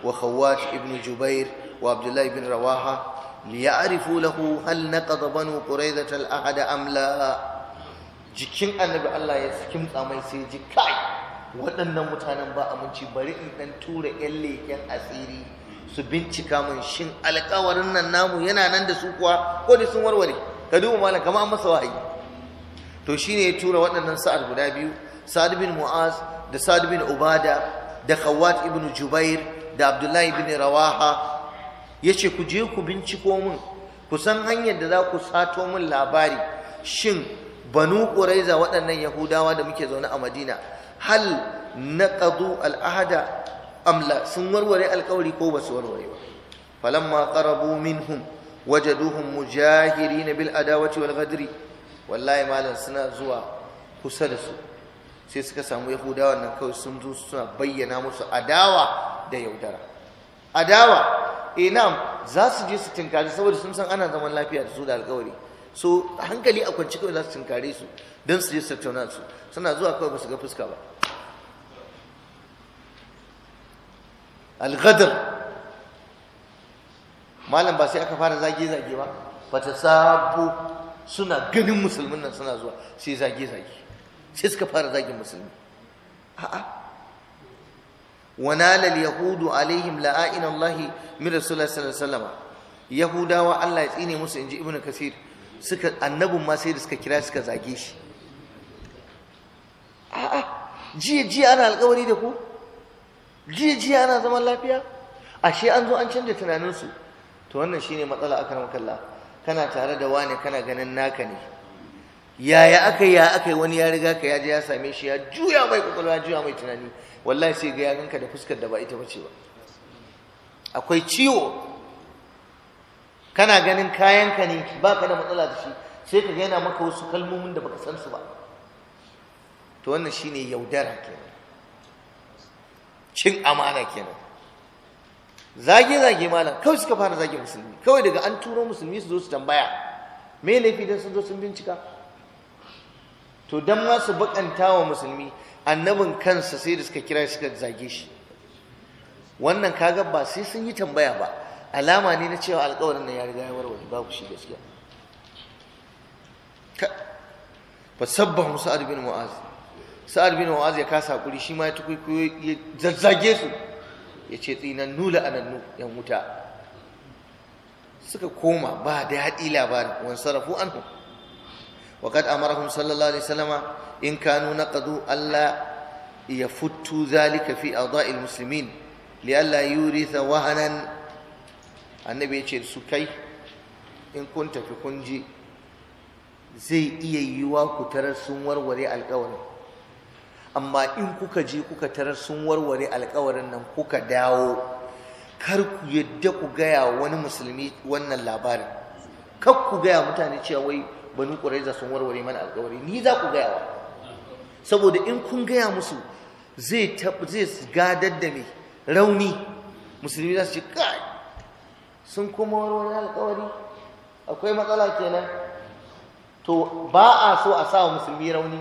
wa khawwat ibnu jubair wa abdullah ibn rawaha ya'rifu lahu hal naqad banu quraidah al-ahad am la jikin annabi Allah ya kimtsa mai sai ji kai waɗannan mutanen ba aminci bari in ɗan tura 'yan leken asiri su bincika mun shin alkawarin nan namu yana nan da su kuwa ko da sun warware ka duba malam kamar an masa wa'ayi to shine ya tura waɗannan sa'ad guda biyu sa'ad bin mu'az da sa'ad bin ubada da khawat ibn jubair da abdullahi bin rawaha yace ku je ku binciko mun ku san hanyar da za ku sato mun labari shin banu quraiza waɗannan yahudawa da muke zaune a madina hal naqadu al'ahada amla sun warware alkawari ko ba su warware ba falamma qarabu minhum wajaduhum na bil adawati wal ghadri wallahi malam suna zuwa kusa da su sai suka samu yahudawa nan kawai sun zo suna bayyana musu adawa da yaudara adawa inam eh, za su je su tinkari saboda sun san ana zaman lafiya da su da alkawari so hankali a kwanci kawai za su tinkare su don su je tattauna su suna zuwa kawai ba su ga fuska ba al-ghadr malam ba sai aka fara zage-zage ba fata sabu suna ganin musulmin nan suna zuwa sai zage-zage sai suka fara zagin musulmi a'a ونال اليهود عليهم لآئن الله من رسول الله صلى الله عليه وسلم يهودا musu يتيني موسى إنجي ابن كثير ma sai da suka kira suka zage shi. a'a jiya jiya ana alkawari da ku jiya jiya ana zaman lafiya ashe an zo an canja tunaninsu to wannan shine matsala na kalla kana tare da wani kana ganin naka ne yaya aka ya aka wani ya riga ka ya je ya same shi ya juya mai kwakwalwa juya mai tunani wallahi sai ga ka da fuskar da ba ita bace ba akwai ciwo kana ganin kayanka ne ba ka da matsala da shi sai ka yana maka wasu kalmomin da baka san su ba to wannan shine yaudara kenan cin amana kenan zage zage malam kawai suka fara zage musulmi kawai daga an turo musulmi su zo su tambaya me laifi dan sun zo sun bincika to dan ma su bakanta wa musulmi annabin kansa sai da suka kira suka zage shi wannan kaga ba sai sun yi tambaya ba alama ne na cewa alƙawarin nan ya riga ya warware ku shi gaskiya sabba سعد بن معاذ sa'ad bin mu'az ya kasa hakuri shi ma ya tukuyo ya zazzage su ya ce tsinan nula anannu yan wuta suka koma ba daɗi labarin wan an anhu wa kad amarahum sallallahu alaihi wasallama in kanu naqadu alla yafuttu zalika fi a'dha'il muslimin li alla yuritha wahanan annabi ya ce su kai in kun tafi kun ji zai iya yiwuwa ku tarar sun warware alƙawarin amma in kuka je kuka tarar sun warware alkawarin nan kuka dawo kar ku yadda ku gaya wani musulmi wannan labarin kar ku gaya mutane cewa wai banu ƙuraiza sun warware mana alkawari ni za ku gaya wa saboda in kun gaya musu zai gadar da mai rauni musulmi za su ce kai sun kuma warware alkawari akwai matsala kenan to ba a so a sa musulmi rauni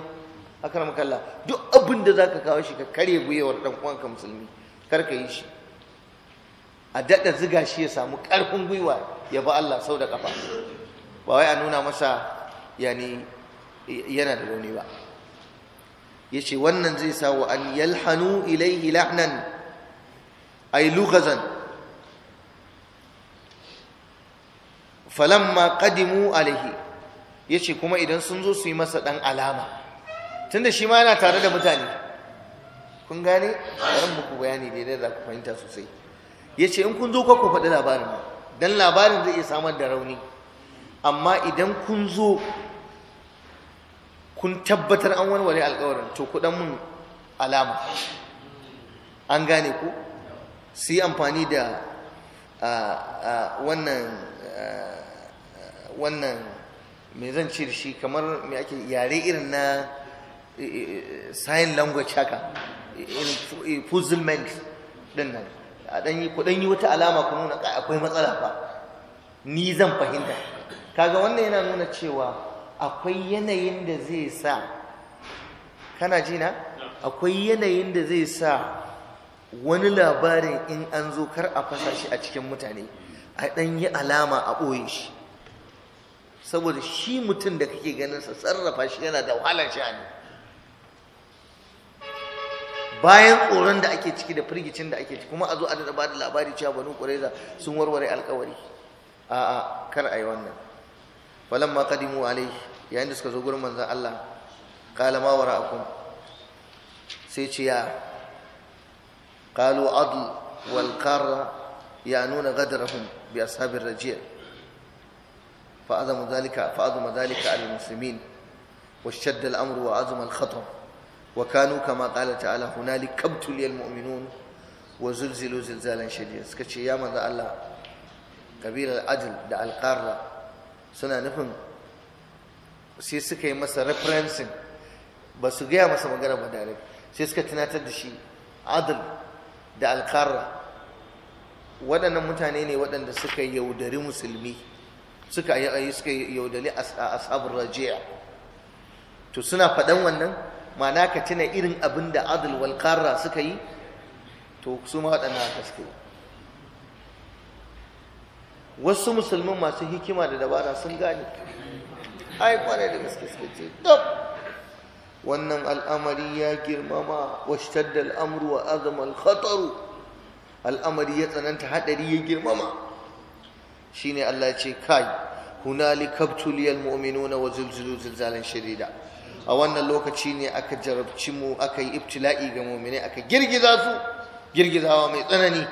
akram makalla duk abin da zaka kawo shi ka kare gwiwar dan uwanka musulmi kar ka yi shi a dada ziga shi ya samu karfin gwiwa ya ba Allah sau da kafa ba wai a nuna masa yani yana da rauni ba yace wannan zai sa wa an yalhanu ilaihi la'nan ay lughazan falamma qadimu alaihi yace kuma idan sun zo su yi masa dan alama tunda shi ma yana tare da mutane kun gane ran muku bayani yadda za ku fahimta sosai ya ce in kun zo ku faɗi labarin Dan labarin zai iya samar da rauni amma idan kun zo kun tabbatar an warware alkawarin to ku mun alama an gane ku su yi amfani da wannan wannan mai zan ce da shi kamar mai ake yare irin na sign language haka puzzlement din nan a dan yi wata alama ku nuna akwai matsala fa ni zan fahimta kaga wannan yana nuna cewa akwai yanayin da zai sa kana ji na akwai yanayin da zai sa wani labarin in an zo kar a fasa shi a cikin mutane a dan yi alama a ɓoye shi saboda shi mutum da kake ganin sa sarrafa shi yana da wahalar sha'ani bayan tsoron da ake ciki da firgicin da ake ciki kuma a zo a da ba da labari cewa banu qurayza sun warware alkawari a'a kar a yi wannan falamma qadimu alai yayin da suka zo gurin manzon Allah qala ma wara wara'akum sai ce ya qalu adl wal ya nuna gadrahum bi ashabir rajiya فعظم ذلك فعظم ذلك على المسلمين واشتد الامر وعظم الخطر وكانوا كما قال تعالى هنالك ابتلي المؤمنون وزلزلوا زلزالا شديدا سكتشي يا من الله قبيلة العدل da القارة سنة نفهم sai suka yi masa referencing ba su gaya masa magana ba direct sai suka tunatar da shi adil da alkara waɗannan mutane ne waɗanda suka yaudari musulmi suka suka yaudari ashabur raji'a to suna faɗan wannan ma'ana ka tuna irin abin da adil wal qarra suka yi to su ma waɗannan haka suke wasu musulmin masu hikima da dabara sun gane ai kwarai da gaske suka ce wannan al'amari ya girmama wa washtadda al'amru wa azama al-khataru al'amari ya tsananta haɗari ya girmama shine Allah ya ce kai hunalika btuliyal mu'minuna wa zulzilu zilzalan shadida a wannan lokaci ne aka jarabci mu aka yi ibtila'i ga mu'mini aka girgiza su girgizawa mai tsanani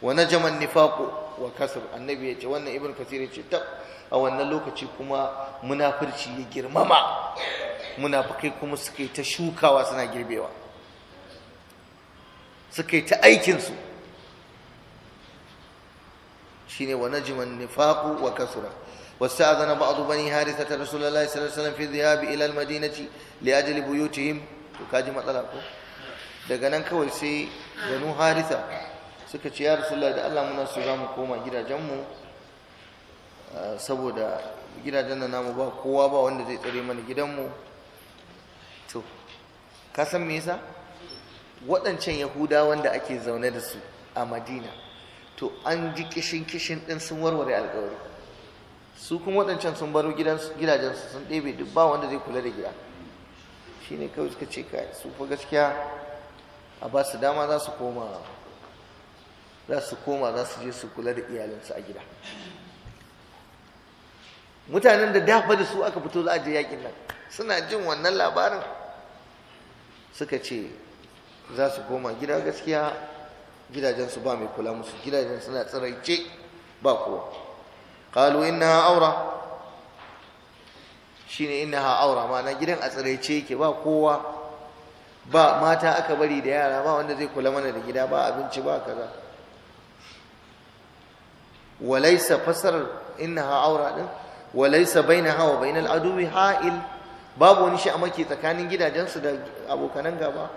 wa najaman nifaqu wa kasr annabi ya ce wannan ibn kasir ya ce ta, a wannan lokaci kuma munafirci ya girmama munafikai kuma suka yi ta shukawa suna girbewa suka yi ta aikinsu shine wa najaman nifaqu wa kasra واستأذن بعض بني هارثة رسول الله صلى الله عليه وسلم في الذهاب إلى المدينة لأجل بيوتهم وكاجي matsala ko daga nan kawai sai ganu haritha suka ce ya rasulullahi da Allah muna su zamu koma gidajenmu saboda gidajen da namu ba kowa ba wanda zai tsare mana gidanmu to ka san me yasa waɗancan yahuda wanda ake zaune da su a madina to an ji kishin kishin ɗin sun warware alƙawari su kuma waɗancan sun baro gidajensu sun ɗebe duk ba wanda zai kula da gida shi ne kawai suka ce ka su fa gaskiya a ba su dama za su koma za su koma za su je su kula da iyalinsu a gida mutanen da dafa da su aka fito za a je yakin nan suna jin wannan labarin suka ce za su koma gida gaskiya gidajensu ba mai kula musu gidajen suna tsiraice ba kowa قالوا innaha aura shine innaha aura ma'ana gidan a tsiraice yake ba kowa ba mata aka bari da yara ba wanda zai kula mana da gida ba abinci ba kaza walaysa fasar innaha aura din walaysa bainaha wa bainal aduwi ha'il babu wani shi a maki tsakanin gidajensu da abokanan gaba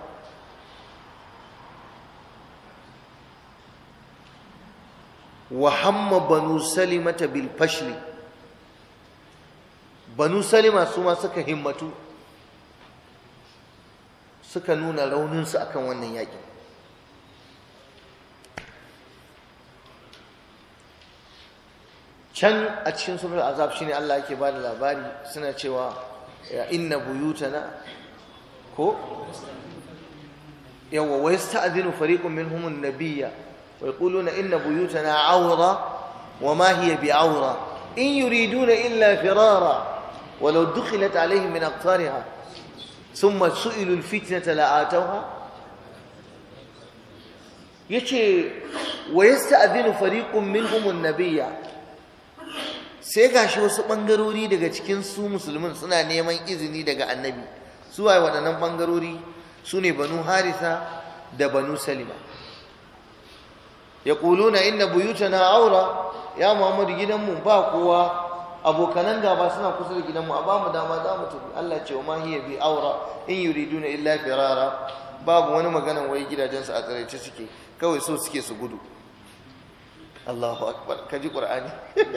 wa hamma banu salimata bil fashli banu salima su ma suka himmatu suka nuna rauninsu akan wannan yakin. can a cikin surar azab shine Allah yake ba da labari suna cewa inna buyutana ko yawa wai sta'adhinu fariqun minhum an-nabiyya ويقولون إن بيوتنا عورة وما هي بعورة إن يريدون إلا فرارا ولو دخلت عليهم من أقطارها ثم سئلوا الفتنة لآتوها yace wa yasta'dhinu fariqun minhum an-nabiyya sai gashi wasu bangarori daga cikin su musulmin suna neman izini daga annabi su waye waɗannan bangarori sune banu harisa da banu salima Ya yaquluna inna buyutana aura ya muhammadu gidanmu ba kowa abokanan gaba suna kusa da gidanmu a bamu dama za mu tafi Allah ce wa ma hiya bi aura in yuriduna illa firara babu wani maganan wai gidajensu a tsaraice suke kawai so suke su gudu Allahu akbar ji qur'ani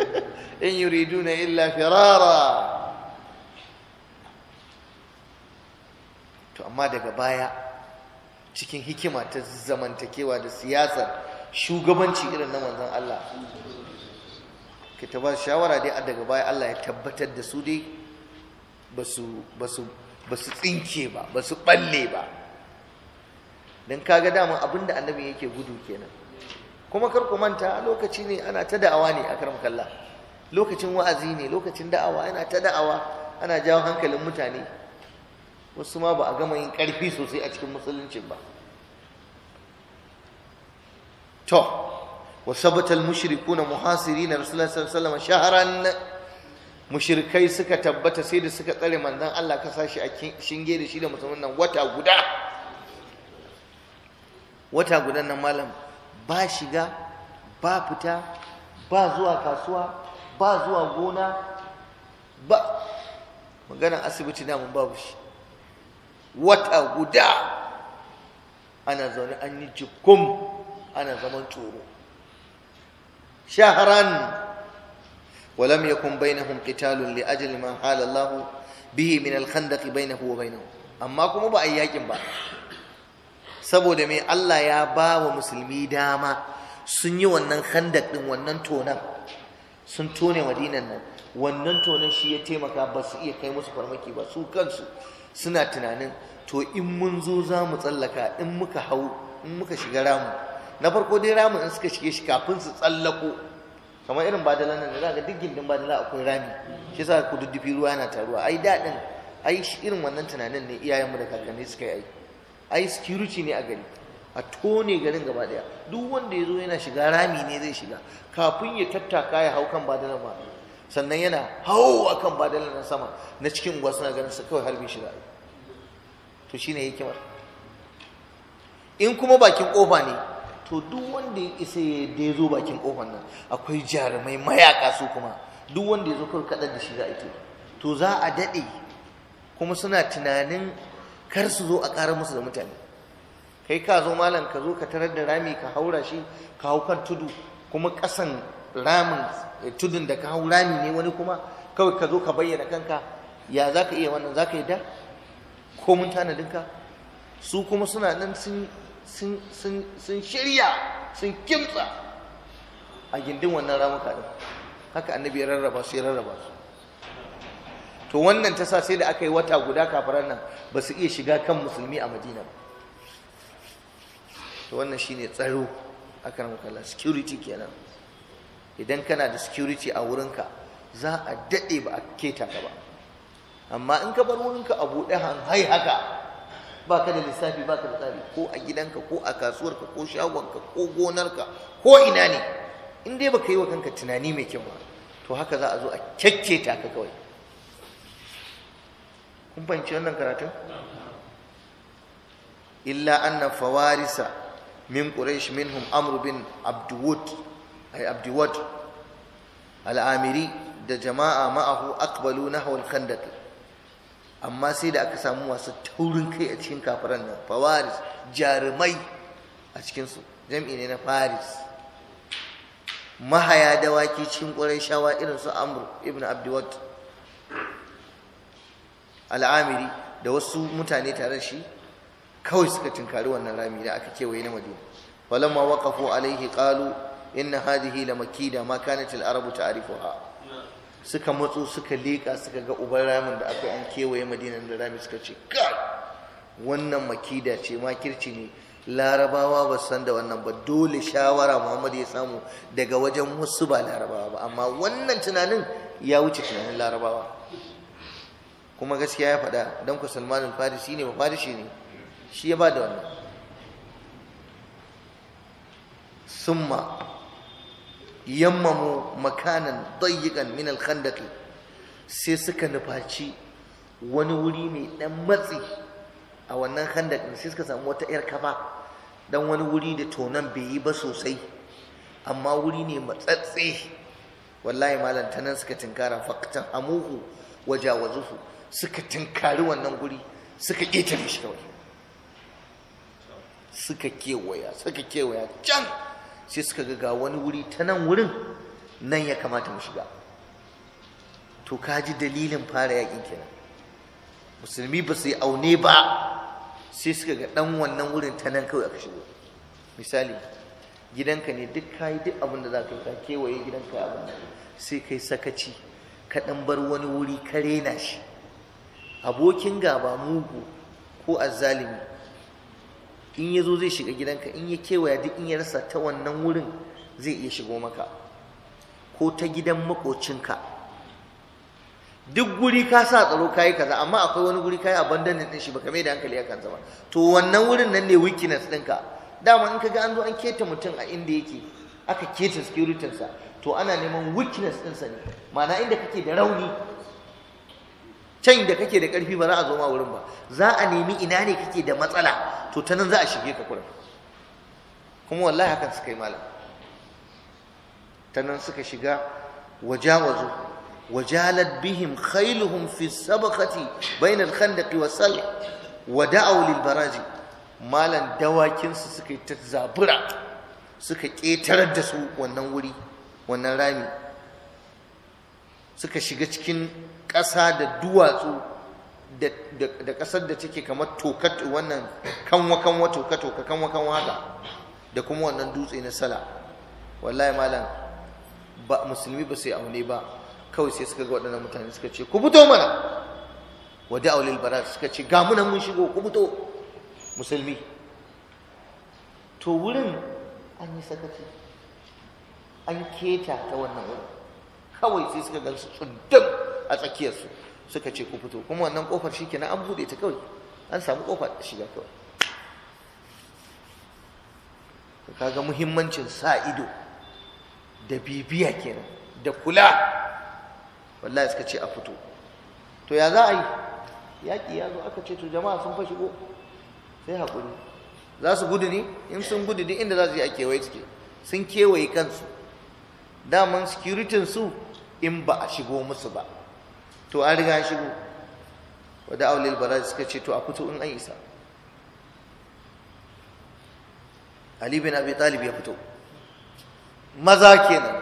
in yuriduna illa firara to amma daga baya cikin hikima ta zamantakewa da siyasar shugabanci irin na manzan Allah ka ta shawara dai a daga baya Allah ya tabbatar da su dai ba su tsinke ba ba su balle ba don kaga ga abin da annabi yake gudu kenan kuma kar manta lokaci ne ana ta da'awa ne a karam kalla lokacin wa'azi ne lokacin da'awa yana ta da'awa ana jawo hankalin mutane wasu ma ba a gama yin ƙarfi sosai a cikin musuluncin ba to wa sabata al-mushrikuna muhasirina rasulullahi sallallahu alaihi wasallam shahran mushrikai suka tabbata sai da suka tsare manzon Allah ka sashi a shinge da shi da musulmin nan wata guda wata gudan nan malam ba shiga ba fita ba zuwa kasuwa ba zuwa gona ba maganar asibiti namun babu shi wata guda ana zaune an yi jikum ana zaman tsoro shahran ajli ma بينهم Allah bihi min al-khandaq bainahu wa الخندق amma kuma ba كما yakin ba. saboda me Allah ya ba wa musulmi dama sun yi wannan khandaq din wannan tonan sun tone madinan nan wannan tonan shi ya taimaka ba su iya kai musu farmaki ba su kansu suna tunanin to in mun zo za mu tsallaka in muka hau in muka shiga ramu na farko dai ramin in suka shige shi kafin su tsallako kamar irin badala nan da ga duk gindin badala akwai rami shi sa ku duddufi ruwa yana taruwa ai daɗin ai shi irin wannan tunanin ne iyayenmu da kakanni suka yi ai ai security ne a gari a tone garin gaba daya duk wanda ya zo yana shiga rami ne zai shiga kafin ya tattaka ya hau kan badalan ba sannan yana hau a kan na sama na cikin unguwa suna ganin su kawai harbi shiga to shine hikimar in kuma bakin kofa ne to duk wanda ya isa da ya zo bakin kofar nan akwai jarumai mayaka su kuma duk wanda ya zo kawai kaɗan da shi za a yi to za a daɗe kuma suna tunanin kar su zo a ƙara musu da mutane kai ka zo malam ka zo ka tarar da rami ka haura shi ka hau kan tudu kuma ƙasan ramin eh, tudun da ka hau rami ne wani kuma kawai ka zo ka bayyana kanka ya za ka iya wannan za ka yi da ko mun tanadinka su kuma suna nan sun sun shirya sun kimtsa a gindin wannan ramuka din haka annabi ya rarraba su ya rarraba su to wannan ta sa sai da aka yi wata guda kafaran nan ba su iya shiga kan musulmi a madina ba to wannan shine tsaro kan makalla security kenan idan kana da security a wurinka za a daɗe ba a keta ka ba amma in ka bar wurinka a buɗe hanhai haka ba ka da lissafi ba ka da tsari ko a gidanka ko a kasuwarka ko shagonka ko gonarka ko ina ne in dai ka yi wa kanka tunani mai kyau ba to haka za a zo a kyakketa ka kawai kun fahimci wannan karatun illa anna fawarisa min quraish minhum amru bin abduwud ay al-amiri da jama'a ma'ahu Akbalu na al-khandaq amma sai da aka samu masu taurin kai a cikin kafiran nan fawaris jarumai a cikinsu jam'i ne na faris mahaya dawaki cikin ƙwarai shawa irin su amur ibn abdiwat al'amiri da wasu mutane tare shi kawai suka tinkari wannan rami da aka kewaye na madina falamma waqafu alaihi qalu inna hadhihi lamakida ma kanat al-arabu ta'rifuha suka matso suka leƙa suka ga uban ramin da aka an kewaye madinan da rami suka ce kai wannan makida ce ma makirci ne larabawa ba san da wannan ba dole shawara muhammad ya samu daga wajen wasu ba larabawa ba amma wannan tunanin ya wuce tunanin larabawa kuma gaskiya ya faɗa don ku salmanin farisi ne ba farisi ne shi ya ba da wannan summa yammamu makanan dayyikan min alkhandaki sai suka nufaci wani wuri mai dan matsi a wannan khandakin sai suka samu wata yar kafa dan wani wuri da tonan bai yi ba sosai amma wuri ne matsatse wallahi malam ta nan suka tinkara faktan amuhu wajawazuhu suka tinkari wannan guri suka ƙetare shi kawai suka kewaya suka kewaya can sai suka ga wani wuri ta nan wurin nan ya kamata mu shiga to ka ji dalilin fara yakin kenan musulmi ba su yi aune ba sai suka ga dan wannan wurin ta nan kawai aka shigo misali gidanka ne duk kayi duk abin za ka yi ka kewaye gidanka abin sai kai sakaci ka dan bar wani wuri ka rena shi abokin gaba mugu ko azzalimi in ya zo zai shiga gidanka in ya kewaya duk in ya rasa ta wannan wurin zai iya shigo maka ko ta gidan makocinka duk guri ka sa tsaro ka yi kaza amma akwai wani guri ka yi abandonin din shi baka mai da hankali akan zama to wannan wurin nan ne weakness ɗinka dama in kaga an zo an keta mutum a inda yake aka keta security sa to ana neman weakness ɗinsa ne ma'ana inda kake da rauni can da kake da ƙarfi ba za a zo ma wurin ba za a nemi ina ne kake da matsala to ta nan za a shige ka kurin kuma wallahi hakan suka yi malam ta nan suka shiga wajawazu wajalat bihim khailuhum fi sabakati bainal khandaq wa sal wa da'aw lil baraji malan dawakin su suka ta zabura suka ketar da su wannan wuri wannan rami suka shiga cikin ƙasa da duwatsu da ƙasar da take kamar tokat wannan kanwa kanwa toka toka kanwa kanwa haka da kuma wannan dutse na sala wallahi malam ba musulmi ba sai aune ba kawai sai suka ga waɗannan mutane suka ce ku fito mana wadda aulil bara suka ce ga munan mun shigo ku fito musulmi to wurin an yi sakaci an keta ta wannan wurin kawai sai suka gansu tsundum a tsakiyarsu suka ce ku fito kuma wannan kofar shi kenan an buɗe ta kawai an samu kofar shiga kawai kaga muhimmancin sa ido da bibiya kenan da kula wallahi suka ce a fito to ya za a yi yaƙi ya zo aka ce to jama'a sun fa shigo sai haƙuri za su gudu ne in sun gudu duk inda za su yi a kewaye suke sun kewaye kansu daman securitin su in ba a shigo musu ba to an riga shigo wadda aulil bara suka ce to a fito in an isa ali bin abi talib ya fito maza kenan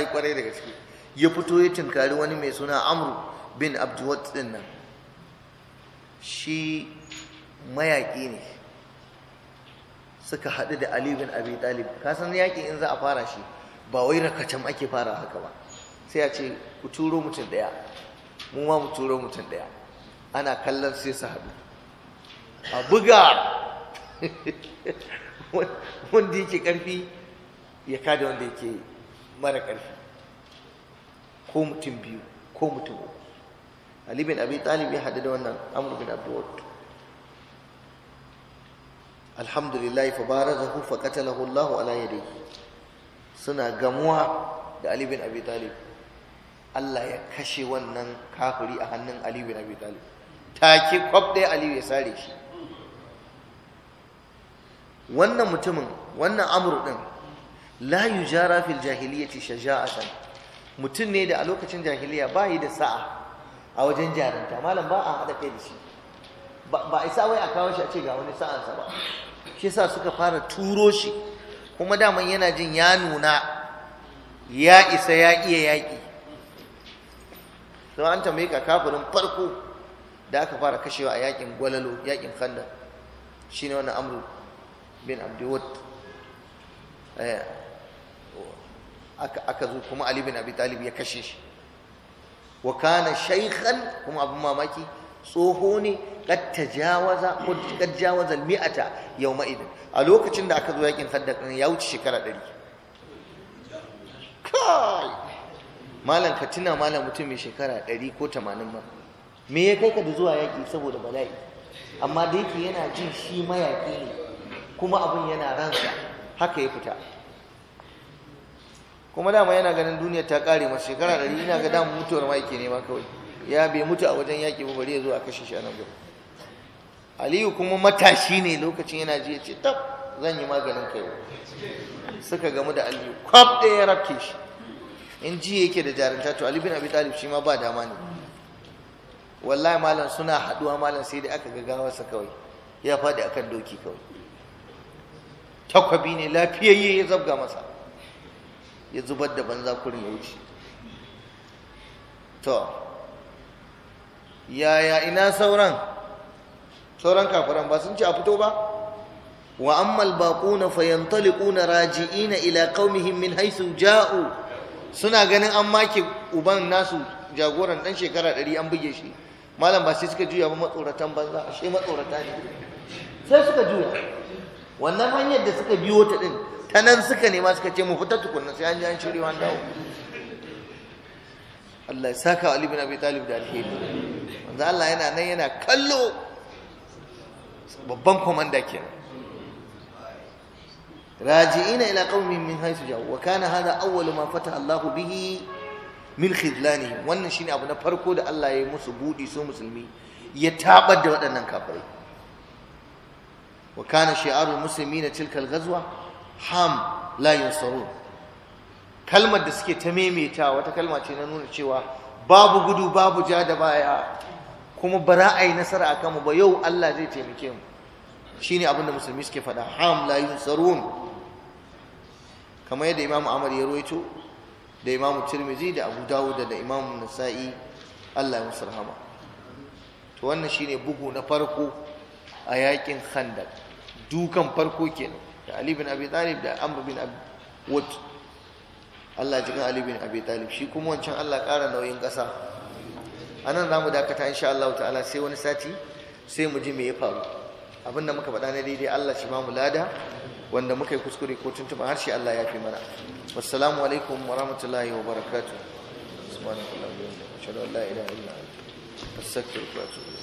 yi kwarai da gaske ya fito ya tunkari wani mai suna amru bin abduwat din nan shi mayaƙi ne suka haɗu da ali bin abi talib ka san yaƙi in za a fara shi ba wai rakacam ake fara haka ba sai a ce ku turo mutum ɗaya mu ma mu turo mutum ɗaya ana kallon sai su haɗu a buga wanda yake ƙarfi ya kada wanda yake mara ƙarfi ko mutum biyu ko mutum uku Ali bin Abi Talib ya haɗu da wannan Amr bin Abdul Alhamdulillah fa barazahu fa qatalahu Allah ala yadihi suna gamuwa da Ali bin Abi Talib Allah ya kashe wannan kafiri a hannun Aliyu na Abi Ta ke kwab ɗaya Aliyu ya sare shi wannan mutumin wannan amur ɗin la yujara fil jahiliyyati shaja'atan mutum ne da a lokacin jahiliya ba yi da sa'a a wajen jarinta malam ba a haɗa kai da shi ba a isa wai a kawo shi a ce ga wani sa'ansa ba shi sa suka fara turo shi kuma daman yana jin ya nuna ya isa ya iya yaƙi don an tambaye ka kafirin farko da aka fara kashewa a yakin gwalalo yakin khanda shi ne wani amru bin abdiwud eh, aka zo kuma ali bin abi talib ya kashe shi wa kana shaykhan kuma abin mamaki tsoho ne kad tajawaza kad jawaza mi'ata yawma idin a lokacin da aka zo yakin khanda ya wuce shekara ɗari. kai malam ka tuna malam mutum mai shekara ɗari ko tamanin ma me ya kai ka da zuwa yaƙi saboda bala'i amma da yake yana jin shi mayaƙi ne kuma abin yana ransa haka ya fita kuma dama yana ganin duniya ta ƙare masa shekara ɗari yana ga damu mutuwar ma yake nema kawai ya bai mutu a wajen yaƙi ba bari ya zo a kashe shi a nan aliyu kuma matashi ne lokacin yana ji ya ce tab zan yi maganin kai suka gamu da aliyu kwaf ɗaya ya rafke shi in ji yake da jarumta to Ali bin Abi Talib shi ma ba dama ne wallahi malam suna haduwa malam sai dai aka gagawa sa kawai ya faɗi akan doki kawai takwabi ne lafiyayye ya zabga masa ya zubar da banza kurin ya wuce to yaya ina sauran sauran kafiran ba sun ce a fito ba wa ammal baquna fayantaliquna raji'ina ila qaumihim min haythu ja'u suna ganin an make uban nasu jagoran dan shekara ɗari an buge shi malam ba sai suka juya ba matsoratan banza ashe matsorata ne sai suka juya wannan hanyar da suka biyo ta din ta nan suka nema suka ce mu fita tukunna sai an ji an shirya an dawo Allah ya saka Ali bin Abi Talib da alheri wanda Allah yana nan yana kallo babban komanda kenan راجعين إلى قومهم من حيث جاءوا وكان هذا أول ما Allahu الله به min khidlanihim wannan shine abu na farko da Allah ya yi musu budi su musulmi ya tabar da waɗannan kafirai wa kana shi'arul muslimina tilka al-ghazwa ham la yansarun kalmar da suke ta memeta wata kalma ce na nuna cewa babu gudu babu ja da baya kuma ba za a yi nasara a kanmu ba yau Allah zai taimake mu shine abinda musulmi suke fada ham la yunsarun kamar yadda imamu Ahmad ya ruwaito da imamu Tirmizi, da Abu Dawud da imamu Nasa'i Allah ya musu rahama to wannan shine bugu na farko a yakin Khandaq dukan farko kenan da Ali bin Abi Talib da Amr bin Abi Wud Allah jikin Ali bin Abi Talib shi kuma wancan Allah ƙara nauyin ƙasa anan zamu dakata insha Allah ta'ala sai wani sati sai mu ji me ya faru abinda muka faɗa na daidai Allah shi ba lada wanda muka yi kuskure ko tuntuɓa har shi Allah ya fi mana wassalamu alaikum wa rahmatullahi wa barakatuh wa bihamdihi ashhadu illa anta astaghfiruka wa atubu